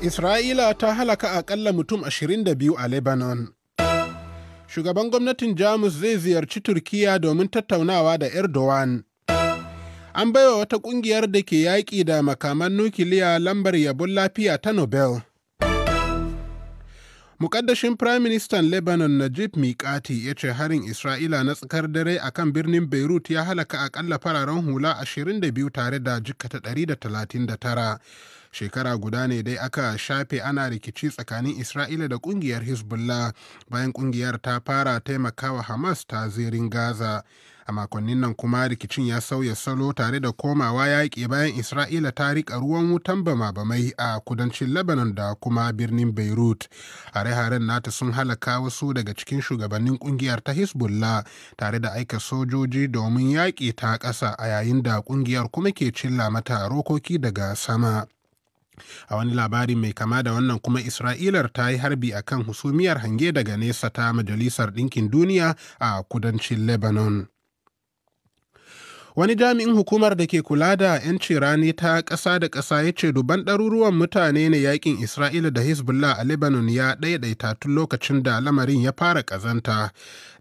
Isra'ila ta halaka akalla mutum 22 a Lebanon. Shugaban gwamnatin Jamus zai ziyarci Turkiya domin tattaunawa da Erdogan. An baiwa wata ƙungiyar da ke yaƙi da makaman nukiliya lambar yabon lafiya ta Nobel. Mukaddashin Firayim Ministan Lebanon Najib Mikati ya ce harin Isra'ila na tsakar dare a kan birnin Beirut ya halaka akalla fararen hula 22 tare da jikkata 139. shekara guda ne dai aka shafe ana rikici tsakanin isra'ila da kungiyar hezbollah bayan kungiyar ta fara taimakawa hamas ta zirin gaza a makonnin nan kuma rikicin ya sauya salo tare da komawa yaƙi bayan isra'ila ta rika ruwan wutan bama-bamai a kudancin lebanon da kuma birnin beirut hare-haren nata sun halaka wasu daga cikin shugabannin kungiyar ta hezbollah tare da aika sojoji domin yaƙi ta ƙasa a yayin da kungiyar kuma ke cilla mata rokoki daga sama a wani labari mai kama da wannan kuma isra'ilar ta yi harbi a kan husumiyar hange daga nesa ta majalisar ɗinkin duniya a kudancin lebanon Wani jami'in hukumar da ke kula da 'yanci rani ta ƙasa da ƙasa ya ce duban ɗaruruwan mutane ne yakin Isra'ila da Hezbollah a Lebanon ya ɗaiɗaita tun lokacin da lamarin ya fara ƙazanta.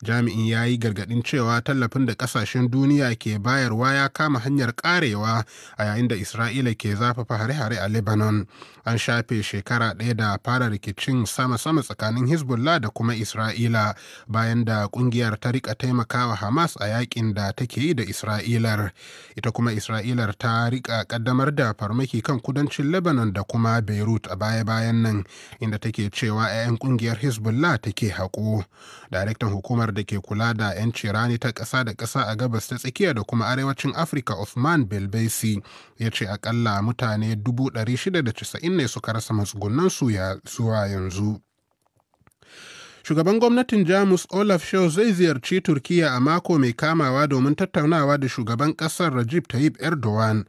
Jami'in ya yi gargaɗin cewa tallafin da ƙasashen duniya ke bayarwa ya kama hanyar ƙarewa a yayin da Isra'ila ke zafafa hare-hare a Lebanon. An shafe shekara ɗaya da fara rikicin sama-sama tsakanin Hezbollah da kuma Isra'ila bayan da ƙungiyar ta riƙa taimakawa Hamas a yakin da take yi da Isra'ila. isra'ilar ita kuma isra'ilar ta rika kaddamar da farmaki kan kudancin lebanon da kuma beirut a baya-bayan nan inda take cewa 'ya'yan kungiyar hezbollah take haƙo daraktan hukumar da ke kula da 'yanci rani ta ƙasa da ƙasa a gabas ta tsakiya da kuma arewacin afirka osman belbesi ya ce akalla mutane 690 ne suka rasa matsugunansu zuwa yanzu. shugaban gwamnatin jamus olaf scholz zai ziyarci turkiya a mako mai kamawa domin tattaunawa da shugaban kasar rajib tayyip erdogan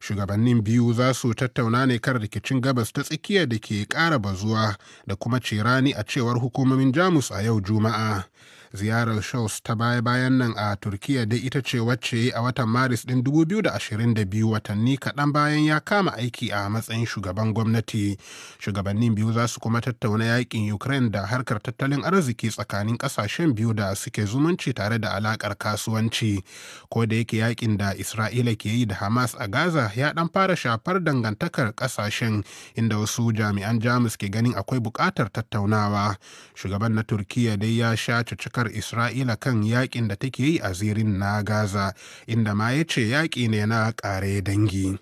shugabannin biyu za su tattauna ne kan rikicin gabas ta tsakiya da ke ƙara bazuwa da kuma cirani a cewar hukumomin jamus a yau juma'a ziyarar Scholz ta baya-bayan nan a Turkiyya dai ita ce wacce a watan Maris ɗin 2022 watanni kaɗan bayan ya kama aiki a matsayin shugaban gwamnati. Shugabannin biyu za su kuma tattauna yakin Ukraine da harkar tattalin arziki tsakanin ƙasashen biyu da suke zumunci tare da alaƙar kasuwanci. Ko da yake yakin da Isra'ila ke yi da Hamas a Gaza ya ɗan fara shafar dangantakar ƙasashen inda wasu jami'an Jamus ke ganin akwai buƙatar tattaunawa. Shugaban na Turkiyya dai ya sha cika sukar Isra'ila kan yakin da take yi a zirin na Gaza, inda ma ya ce yaƙi ne na ƙare dangi.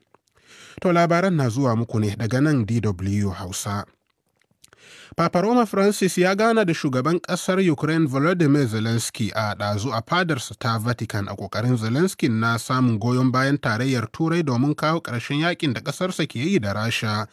To labaran na zuwa muku ne daga nan DW Hausa. Papa Roma Francis ya gana da shugaban ƙasar Ukraine Volodymyr Zelensky a ɗazu a fadarsa ta Vatican a ƙoƙarin Zelensky na samun goyon bayan tarayyar Turai domin kawo ƙarshen yakin da ƙasarsa ke yi da Rasha.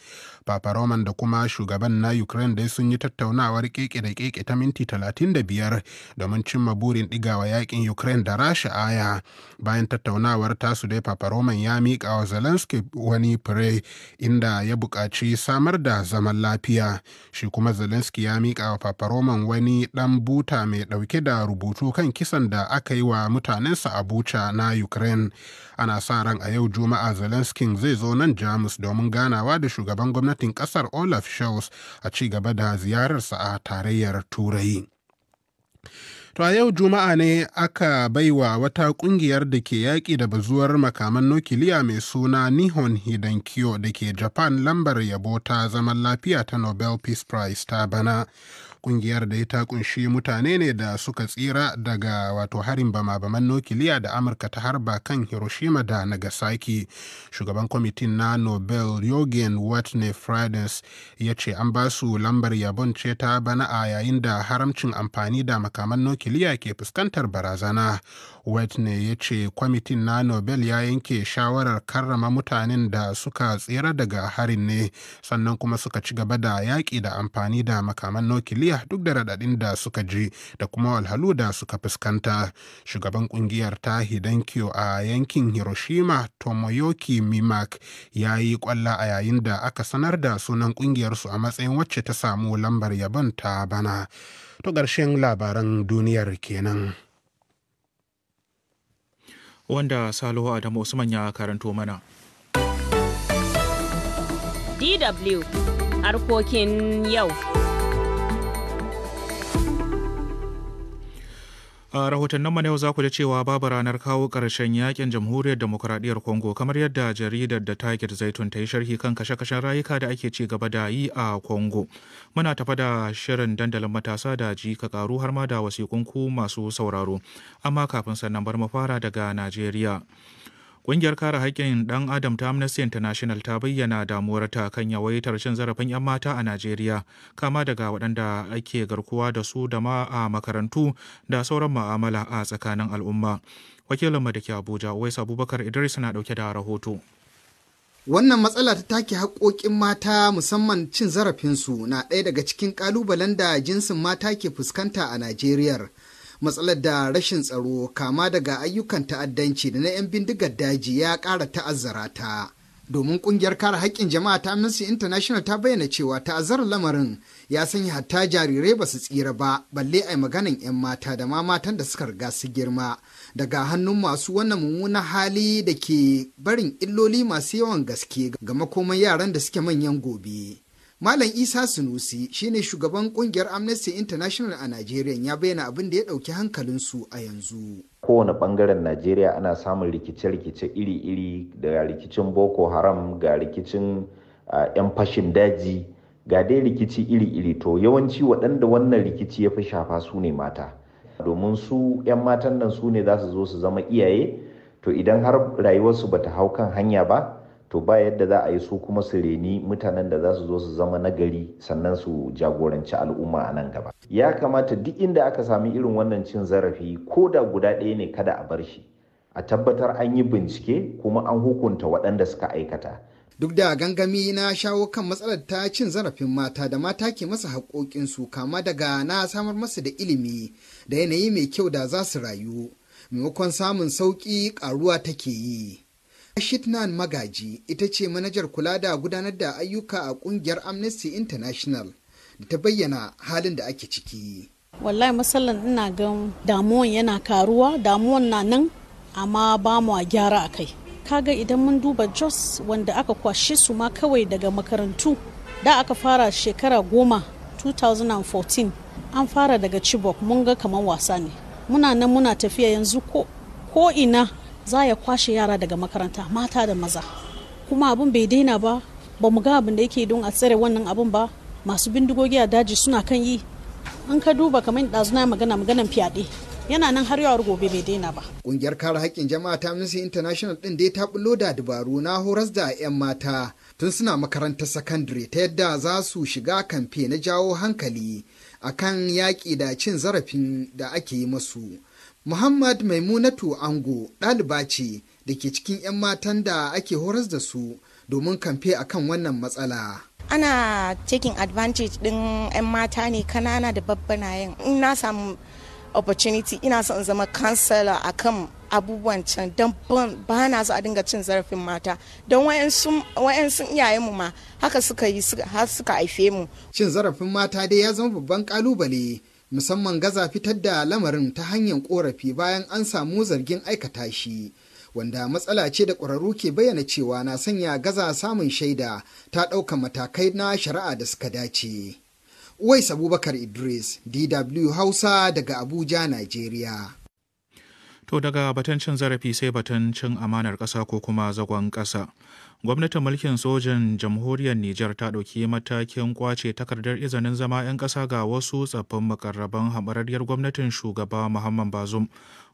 Papa Roman da kuma shugaban na Ukraine dai sun yi tattaunawar keke da keke ta minti 35 domin cimma burin ɗigawa yakin Ukraine da Rasha aya. Bayan tattaunawar tasu dai Papa Roman ya miƙa wa Zelensky wani fure inda ya buƙaci samar da zaman lafiya. Shi kuma Zelensky ya miƙa wa Papa Roman wani ɗan buta mai ɗauke da rubutu kan kisan da aka yi wa mutanensa a Bucha na Ukraine. Ana sa ran a yau Juma'a Zelensky zai zo nan Jamus domin ganawa da shugaban gwamnati gwamnatin kasar olaf scholz a ci gaba da ziyararsa a tarayyar turai To a yau Juma'a ne aka baiwa wata kungiyar da ke yaƙi da bazuwar makaman nukiliya mai suna Nihon Hidankiyo da ke Japan lambar yabo ta zaman lafiya ta Nobel Peace Prize ta bana. kungiyar da ya ta kunshi mutane ne da suka tsira daga wato harin bama-baman nukiliya da amurka ta harba kan hiroshima da nagasaki shugaban kwamitin na nobel yogin watney fridays ya ce an ba su lambar yabon ce ta bana a yayin da haramcin amfani da makaman nukiliya ke fuskantar barazana whitney ya ce kwamitin na nobel ya yanke shawarar karrama mutanen da suka tsira daga harin ne sannan kuma suka ci gaba da yaƙi da amfani da makaman nukiliya duk da raɗaɗin da suka ji da kuma walhalu da suka fuskanta shugaban ƙungiyar ta hidankyo a yankin hiroshima tomoyoki mimak ya yi kwalla a yayin da aka sanar da sunan ƙungiyarsu a matsayin wacce ta samu lambar yabon ta bana to ƙarshen labaran duniyar kenan. wanda Salihu Adamu Usman ya karanto mana. DW harkokin yau. a rahotannin mana yau za ku da cewa babu ranar kawo ƙarshen yakin jamhuriyar demokuraɗiyyar congo kamar yadda jaridar da target zaitun ta yi sharhi kan kashe-kashen rayuka da ake ci gaba da yi a congo muna tafa da shirin dandalin matasa da ji ka karu har ma da wasiƙunku masu sauraro amma kafin sannan bar mu fara daga najeriya Ƙungiyar kare haƙƙin ɗan Adam ta Amnesty International ta bayyana damuwarta kan yawaitar cin zarafin 'yan mata a Najeriya, kama daga waɗanda ake garkuwa da su da ma a makarantu da sauran ma'amala a tsakanin al'umma. wakilin da ke Abuja, Uwais Abubakar Idris na ɗauke da rahoto. Wannan matsala ta take haƙoƙin mata musamman cin zarafinsu na ɗaya daga cikin ƙalubalen da jinsin mata ke fuskanta a Najeriya. matsalar da rashin tsaro kama daga ayyukan ta'addanci da na 'yan bindigar daji ya ƙara ta'azzara ta domin kungiyar kare haƙƙin jama'a ta amnesty international ta bayyana cewa ta'azzarar lamarin ya sanya hatta jarirai ba su tsira ba balle a maganin 'yan mata da ma matan da suka riga su girma daga hannun masu wannan mummunan hali da ke barin illoli masu yawan gaske ga makoman yaran da suke manyan gobe Malam Isa Sunusi shine shugaban kungiyar Amnesty International a Najeriya ya bayyana abin da ya hankalin su a yanzu. Kowane bangaren Najeriya ana samun rikice-rikice iri-iri da rikicin Boko Haram ga rikicin 'yan fashin daji ga dai rikici iri-iri to yawanci waɗanda wannan rikici ya fi shafa su ne mata. Domin su 'yan matan nan su ne za su zo su zama iyaye to idan har rayuwarsu bata hau kan hanya ba to ba yadda za a yi su kuma su reni mutanen da za su zo su zama nagari sannan su jagoranci al'umma a nan gaba ya kamata duk inda aka sami irin wannan cin zarafi ko da guda ɗaya ne kada a bar shi a tabbatar an yi bincike kuma an hukunta waɗanda suka aikata duk da gangami na shawo kan matsalar ta cin zarafin mata da mata ke masa haƙoƙinsu kama daga na samar masa da ilimi da yanayi mai kyau da za su rayu maimakon samun sauƙi ƙaruwa take yi Shitnan Magaji ita ce manajar kula da gudanar da ayyuka a kungiyar Amnesty International da ta bayyana halin da ake ciki. Wallahi matsalan ina gan damuwan yana karuwa, damuwan na nan amma ba mu a gyara a kai. Kaga idan mun duba Jos wanda aka kwashe su ma kawai daga makarantu da aka fara shekara goma 2014 an fara daga Chibok mun ga kamar wasa ne. Muna nan muna tafiya yanzu ko ina za ya kwashe yara daga makaranta mata da maza kuma abin bai daina ba ba mu ga abin da yake don a tsare wannan abin ba masu bindigogi a daji suna kan yi an ka duba kamar ɗazuna magana maganan fyaɗe yana nan har yawar gobe bai daina ba. Ƙungiyar kare haƙƙin jama'a ta Amnesty International ɗin dai ta bullo da dabaru na horas da 'yan mata tun suna makarantar sakandare ta yadda za su shiga kamfe na jawo hankali akan yaƙi da cin zarafin da ake yi masu. Muhammad Maimunatu Ango ɗaliba ce da ke cikin 'yan matan da ake horas da su domin kamfe a kan wannan matsala. Ana taking advantage ɗin 'yan mata ne kanana da babbanayen. In na samu opportunity ina son zama kansala kan abubuwan can don ba na a dinga cin zarafin mata don wayansu mu ma haka suka yi har suka haife mu. Cin zarafin mata dai ya zama babban kalubale musamman gaza fitar da lamarin ta hanyar korafi bayan an samu zargin aikata shi wanda matsala ce da ƙwararru ke bayyana cewa na sanya gaza samun shaida ta ɗauka matakai na shari'a da suka dace. Uwais Abubakar Idris, DW Hausa daga Abuja, Najeriya. To daga batun cin zarafi sai batun cin amanar ƙasa ko kuma zagon ƙasa. Gwamnatin mulkin sojan jamhuriyar Nijar ta ɗauki matakin kwace takardar izinin zama 'yan ƙasa ga wasu tsaffin makarraban hamararriyar gwamnatin shugaba Muhammad Bazum.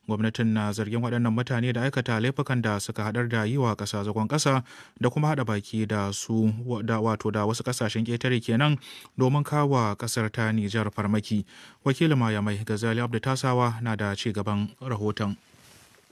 Gwamnatin na zargin waɗannan mutane da aikata laifukan da suka haɗar da yi wa ƙasa zagon ƙasa da kuma haɗa baki da su da wato da wasu ƙasashen ƙetare kenan domin kawo ƙasar ta Nijar farmaki. Wakilin Mayamai Gazali Abdu Tasawa na da ci gaban rahoton.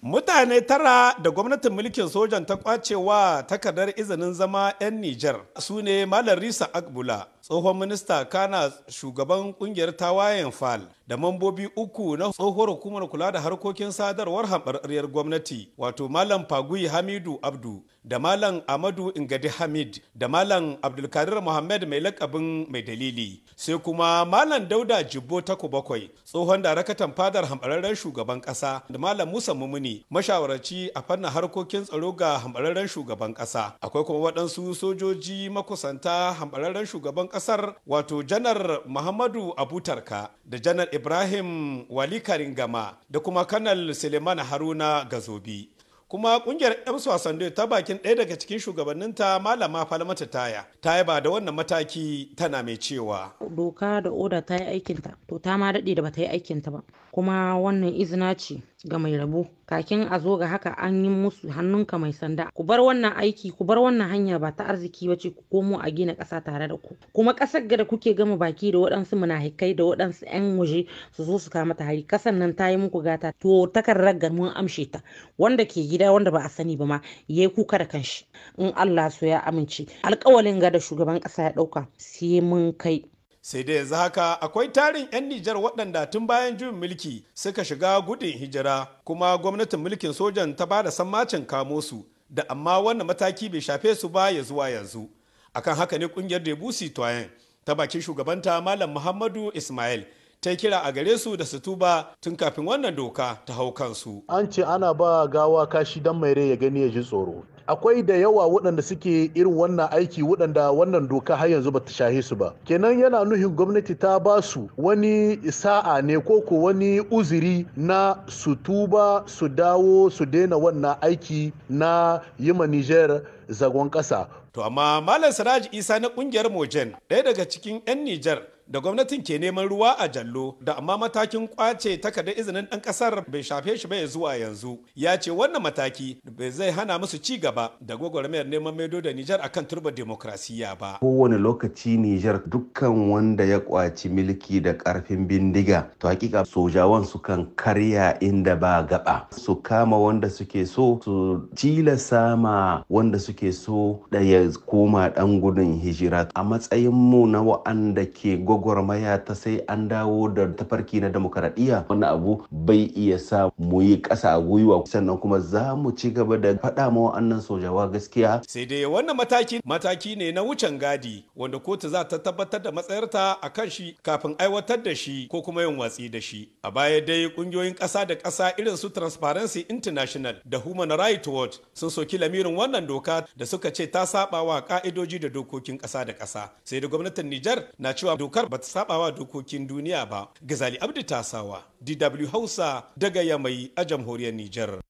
mutane tara da gwamnatin mulkin sojan ta kwacewa takardar izinin zama 'yan nijar su ne malam risa akbula tsohon minista kana shugaban kungiyar tawayen fal da mambobi uku na tsohuwar hukumar kula da harkokin sadarwar hamɓarɓariyar gwamnati wato malam fagui hamidu abdu da malam amadu ingadi hamid da malam abdulkadir muhammad mai lakabin mai dalili sai kuma malam dauda jibbo taku bakwai tsohon darakatan fadar hamɓararren shugaban ƙasa da malam musa mumuni mashawarci a fannin harkokin tsaro ga hamɓararren shugaban ƙasa akwai kuma waɗansu sojoji makusanta hamɓararren shugaban ƙasa kasar wato janar muhammadu abutarka da janar ibrahim walikarin gama da kuma kanal suleiman haruna gazobi kuma kungiyar yan wasanni ta bakin ɗaya daga cikin shugabanninta malama falmata taya ta ba da wannan mataki tana mai cewa doka da oda ta yi aikinta to ta ma daɗe da ba ta yi aikinta ba kuma wannan izina ce ga mai rabo kakin a zo ga haka an yi musu hannunka mai sanda ku bar wannan aiki ku bar wannan hanya ba ta arziki ba ce ku komo a gina ƙasa tare da ku kuma ƙasar da kuke gama baki da waɗansu munahikai da waɗansu 'yan waje su zo su kama ta hari ƙasar nan ta yi muku gata to takardar ga mun amshe ta wanda ke gida wanda ba a sani ba ma ya yi kuka da kanshi in Allah so ya amince alƙawalin gada shugaban ƙasa ya ɗauka sai mun kai sai dai yanzu haka akwai tarin 'yan nijar waɗanda tun bayan juyin mulki suka shiga gudun hijira kuma gwamnatin mulkin sojan ta ba da sammacin kamo su da amma wannan mataki bai shafe su ba ya zuwa yanzu akan haka ne kungiyar debusi toyen ta bakin shugabanta malam muhammadu ismail ta kira a gare su da su tuba tun kafin wannan doka ta hau kansu. An ce ana ba gawa kashi don mai rai ya gani ya ji tsoro. akwai da yawa waɗanda suke irin wannan aiki waɗanda wannan doka har yanzu bata shahe su ba kenan yana nuhin gwamnati ta ba su wani sa'a ne ko ko wani uziri na su tuba su dawo su daina wannan aiki na yi yima Niger zagon ƙasa. To amma Malam Siraj Isa na ƙungiyar Mojen ɗaya daga cikin 'yan Nijar da gwamnatin ke neman ruwa a jallo da amma matakin kwace takardar izinin ɗan ƙasar bai shafe shi ba zuwa yanzu ya ce wannan mataki bai zai hana musu ci gaba da gwagwarmayar neman maido da Nijar akan turba demokrasiya ba. Kowane lokaci Nijar dukkan wanda ya kwaci mulki da karfin bindiga to hakika sojawan sukan karya inda ba gaba su kama wanda suke so su cila sama wanda suke so da ya koma ɗan gudun hijira a matsayin mu na wa'anda ke gwagwarmaya ta sai an dawo da tafarki na demokaradiyya wani abu bai iya sa mu yi ƙasa a gwiwa sannan kuma za mu ci gaba da faɗa ma wa'annan sojawa gaskiya. Sai dai wannan mataki mataki ne na wucin gadi wanda kotu za ta tabbatar da matsayarta a kan shi kafin aiwatar da shi ko kuma yin watsi da shi. A baya dai kungiyoyin ƙasa da ƙasa irin su Transparency International da Human Rights Watch sun soki lamirin wannan doka da suka ce ta saba wa ka'idoji da dokokin ƙasa da ƙasa. Sai da gwamnatin Nijar na cewa dokar ba ta wa dokokin duniya ba. Gazali Abdu Tasawa, DW Hausa daga Yamai a jamhuriyar niger.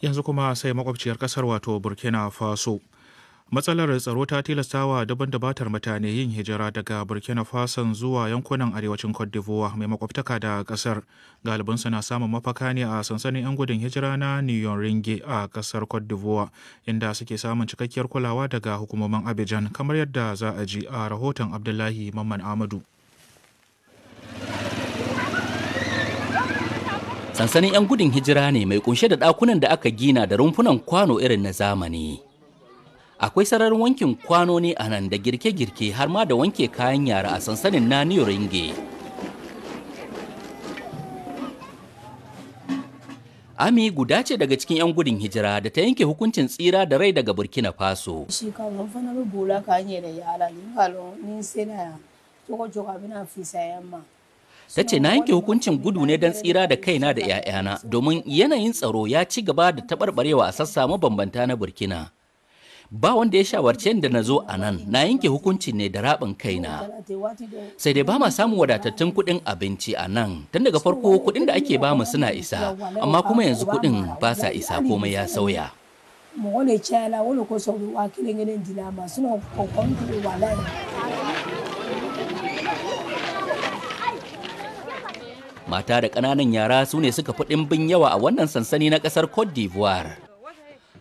Yanzu kuma sai makwabciyar kasar wato Burkina Faso. matsalar tsaro ta tilastawa daban dabatar mutane yin hijira daga burkina faso zuwa yankunan arewacin cote d'ivoire mai makwabtaka da kasar galibinsu na samun mafaka ne a sansanin 'yan gudun hijira na new ringe a kasar cote d'ivoire inda suke samun cikakkiyar kulawa daga hukumomin abidjan kamar yadda za a ji a rahoton abdullahi mamman amadu sansanin 'yan gudun hijira ne mai kunshe da ɗakunan da aka gina da rumfunan kwano irin na zamani akwai sararin wankin kwanoni a nan da girke-girke har ma da wanke kayan yara a sansanin na ringe ami guda ce daga cikin 'yan gudun hijira da ta yanke hukuncin tsira da rai daga burkina faso ta ce na yanke hukuncin gudu ne don tsira da kaina da 'ya'yana domin yanayin tsaro ya ci gaba da taɓarɓarewa a sassa mabambanta na burkina ba wanda ya shawarce da na zo a nan na yanke hukunci ne da rabin kaina sai dai ba ma samun wadatattun kuɗin abinci a nan tun daga farko kuɗin da ake bamu suna isa amma kuma yanzu kuɗin ba sa isa komai ya sauya mata da ƙananan yara su ne suka fi ɗimbin yawa a wannan sansani na ƙasar cote d'ivoire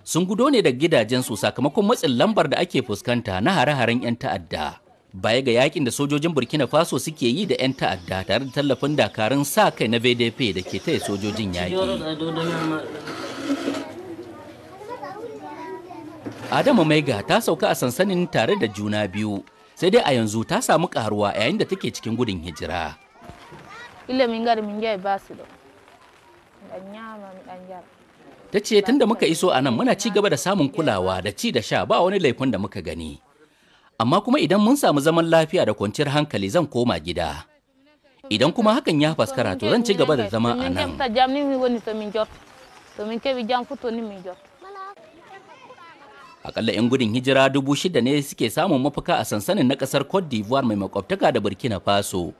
sun gudo ne daga gidajensu sakamakon matsin lambar da ake fuskanta na hare-haren 'yan ta'adda baya ga yakin da sojojin burkina faso suke yi da 'yan ta'adda tare da tallafin dakarun sa kai na vdp da ke taya sojojin yaƙi adamu maiga ta sauka a sansanin tare da juna biyu sai dai a yanzu ta samu karuwa yayin da take cikin gudun hijira ilimin gari min ba su da ta ce tun da muka iso a nan muna ci gaba da samun kulawa da ci da sha ba wani laifin da muka gani amma kuma idan mun samu zaman lafiya da kwanciyar hankali zan koma gida idan kuma hakan ya faskara to zan ci gaba da zama a nan akalla 'yan gudun hijira dubu shida ne suke samun mafaka a sansanin na kasar cote d'ivoire mai makwabtaka da burkina faso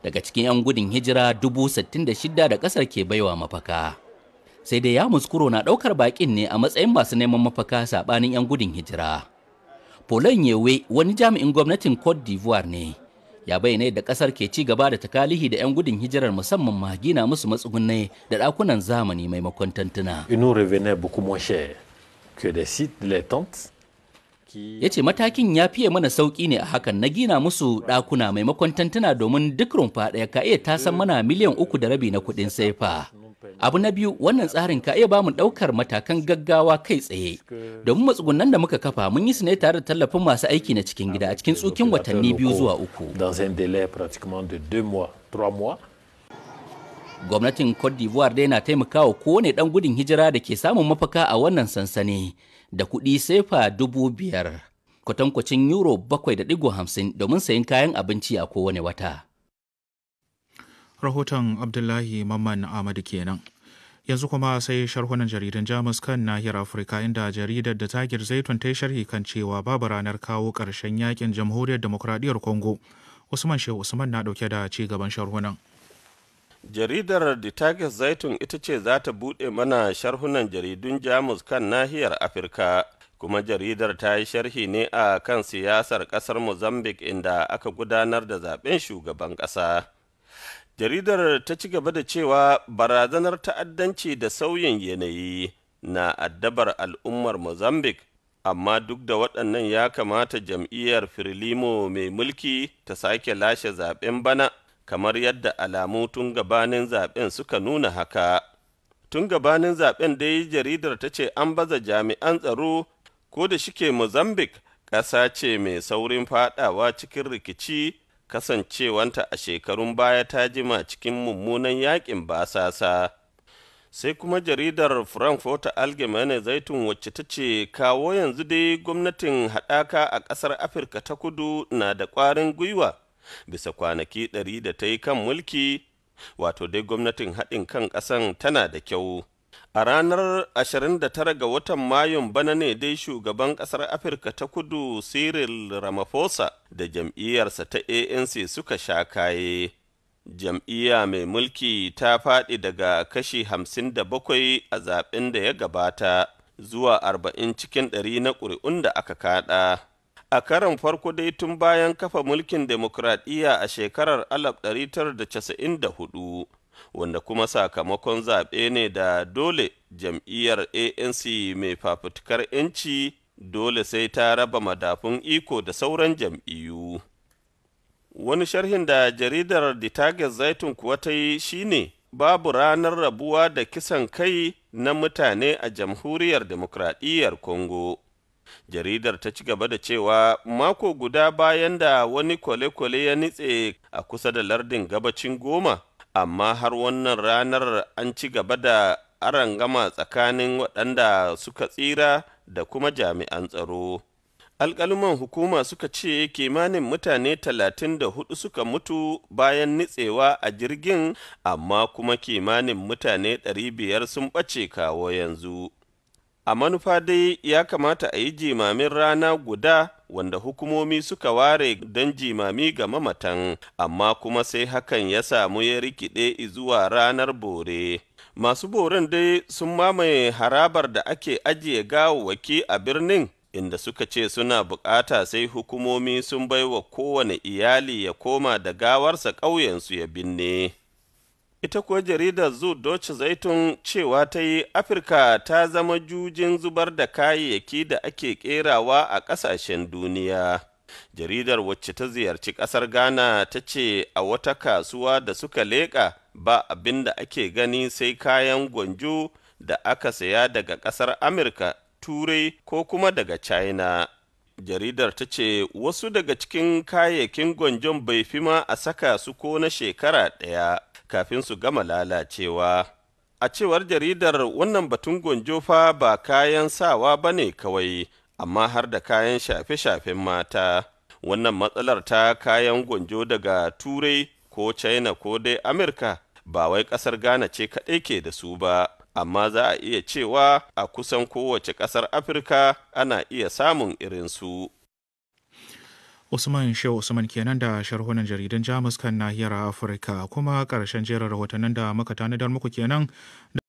daga cikin 'yan gudun hijira dubu sittin da shida da kasar ke baiwa mafaka sai dai ya muskuro na ɗaukar baƙin ne a matsayin masu neman mafaka saɓanin 'yan gudun hijira. Polon Yewe wani jami'in gwamnatin Cote d'Ivoire ne. Ya bayyana da kasar ke ci gaba da takalihi da 'yan gudun hijirar musamman ma gina musu matsugunai da ɗakunan zamani maimakon tantuna. Ya ce matakin ya fiye mana sauƙi ne a hakan na gina musu ɗakuna maimakon tantuna domin duk rumfa ɗaya ka iya tasan mana miliyan uku da rabi na kuɗin saifa. abu na biyu wannan tsarin ka iya bamu ɗaukar matakan gaggawa kai tsaye domin matsugunan da muka kafa mun yi su ne tare da tallafin masu aiki na cikin gida a cikin tsukin watanni biyu zuwa uku gwamnatin cote d'ivoire dai na taimakawa kowane dan gudun hijira da ke samun mafaka a wannan sansani da kuɗi sefa dubu biyar kwatankwacin euro bakwai da digo hamsin domin sayin kayan abinci a kowane wata rahoton abdullahi mamman ahmadu kenan yanzu kuma sai sharhunan jaridan jamus kan nahiyar afirka inda jaridar da ta zaitun ta yi sharhi kan cewa babu ranar kawo karshen yakin jamhuriyar demokradiyyar congo usman shehu usman na ɗauke da ci gaban sharhunan jaridar da ta zaitun ita ce za ta buɗe mana sharhunan jaridun jamus kan nahiyar afirka kuma jaridar ta yi sharhi ne a kan siyasar ƙasar mozambique inda aka gudanar da zaben shugaban ƙasa jaridar ta ci gaba da cewa barazanar ta'addanci da sauyin yanayi na addabar al'ummar mozambique amma duk da waɗannan ya kamata jam'iyyar firlimo mai mulki ta sake lashe zaɓen bana kamar yadda alamu tun gabanin zaɓen suka nuna haka tun gabanin zaɓen dai jaridar ta ce an baza jami'an tsaro ko da shike mozambique ƙasa ce mai saurin faɗawa cikin rikici kasancewanta a shekarun baya ta jima cikin mummunan yakin basasa sai kuma jaridar frankfurt allgemeine zaitun wacce ta ce kawo yanzu dai gwamnatin haɗaka a ƙasar afirka ta kudu na da ƙwarin gwiwa bisa kwanaki ɗari da ta yi kan mulki wato dai gwamnatin haɗin kan ƙasan tana da kyau A ranar 29 ga watan Mayun bana ne dai shugaban ƙasar Afirka ta kudu Cyril Ramaphosa da jam'iyyarsa ta ANC suka sha kaye. Jam'iyya mai mulki ta faɗi daga kashi 57 a zaɓen da ya gabata zuwa 40 cikin 100 na ƙuri'un da aka kaɗa. A karon farko dai tun bayan kafa mulkin demokradiyya a shekarar 1994. wanda kuma sakamakon zaɓe ne da dole jam'iyyar anc mai fafutukar 'yanci dole sai ta raba madafun iko da sauran jam'iyyu wani sharhin da jaridar the target zaitun kuwa ta yi shine babu ranar rabuwa da kisan kai na mutane a jamhuriyar demokradiyyar congo jaridar ta ci gaba da cewa mako guda bayan da wani kwale-kwale ya nitse a kusa da lardin gabacin goma amma har wannan ranar an ci gaba da gama tsakanin waɗanda suka tsira da kuma jami'an tsaro alƙaluman hukuma suka ce kimanin mutane talatin da hudu suka mutu bayan nitsewa a jirgin amma kuma kimanin mutane ɗari biyar sun ɓace kawo yanzu a manufa dai ya kamata a yi jimamin rana guda wanda hukumomi suka ware don jimami ga mamatan amma kuma sai hakan ya samu ya rikide zuwa ranar bore masu boren dai sun mamaye harabar da ake ajiye gawawwaki a birnin inda suka ce suna bukata sai hukumomi sun baiwa kowane iyali ya koma da gawarsa ƙauyensu ya binne ita kuwa jaridar zu doce zaitun cewa ta yi Afirka ta zama jujin zubar da kayayyaki da ake kerawa a ƙasashen duniya. Jaridar wacce ta ziyarci ƙasar Ghana ta ce a wata kasuwa da suka leƙa ba abin da ake gani sai kayan gwanjo da aka saya daga ƙasar Amurka, Turai ko kuma daga China. jaridar ta ce wasu daga cikin kayayyakin gwanjon bai fi ma a saka su ko na shekara ɗaya kafin su gama lalacewa. A cewar jaridar wannan batun fa ba kayan sawa ba ne kawai, amma har da kayan shafe-shafen mata. Wannan matsalar ta kayan gonjo daga Turai ko China ko dai Amurka ba wai ƙasar Ghana ce kaɗai ke da su ba. amma za a iya cewa a kusan kowace ƙasar afirka ana iya samun irinsu. Usman Shehu Usman kenan da sharhunan jaridan Jamus kan nahiyar Afirka kuma ƙarshen jerin rahotannin da muka tanadar muku kenan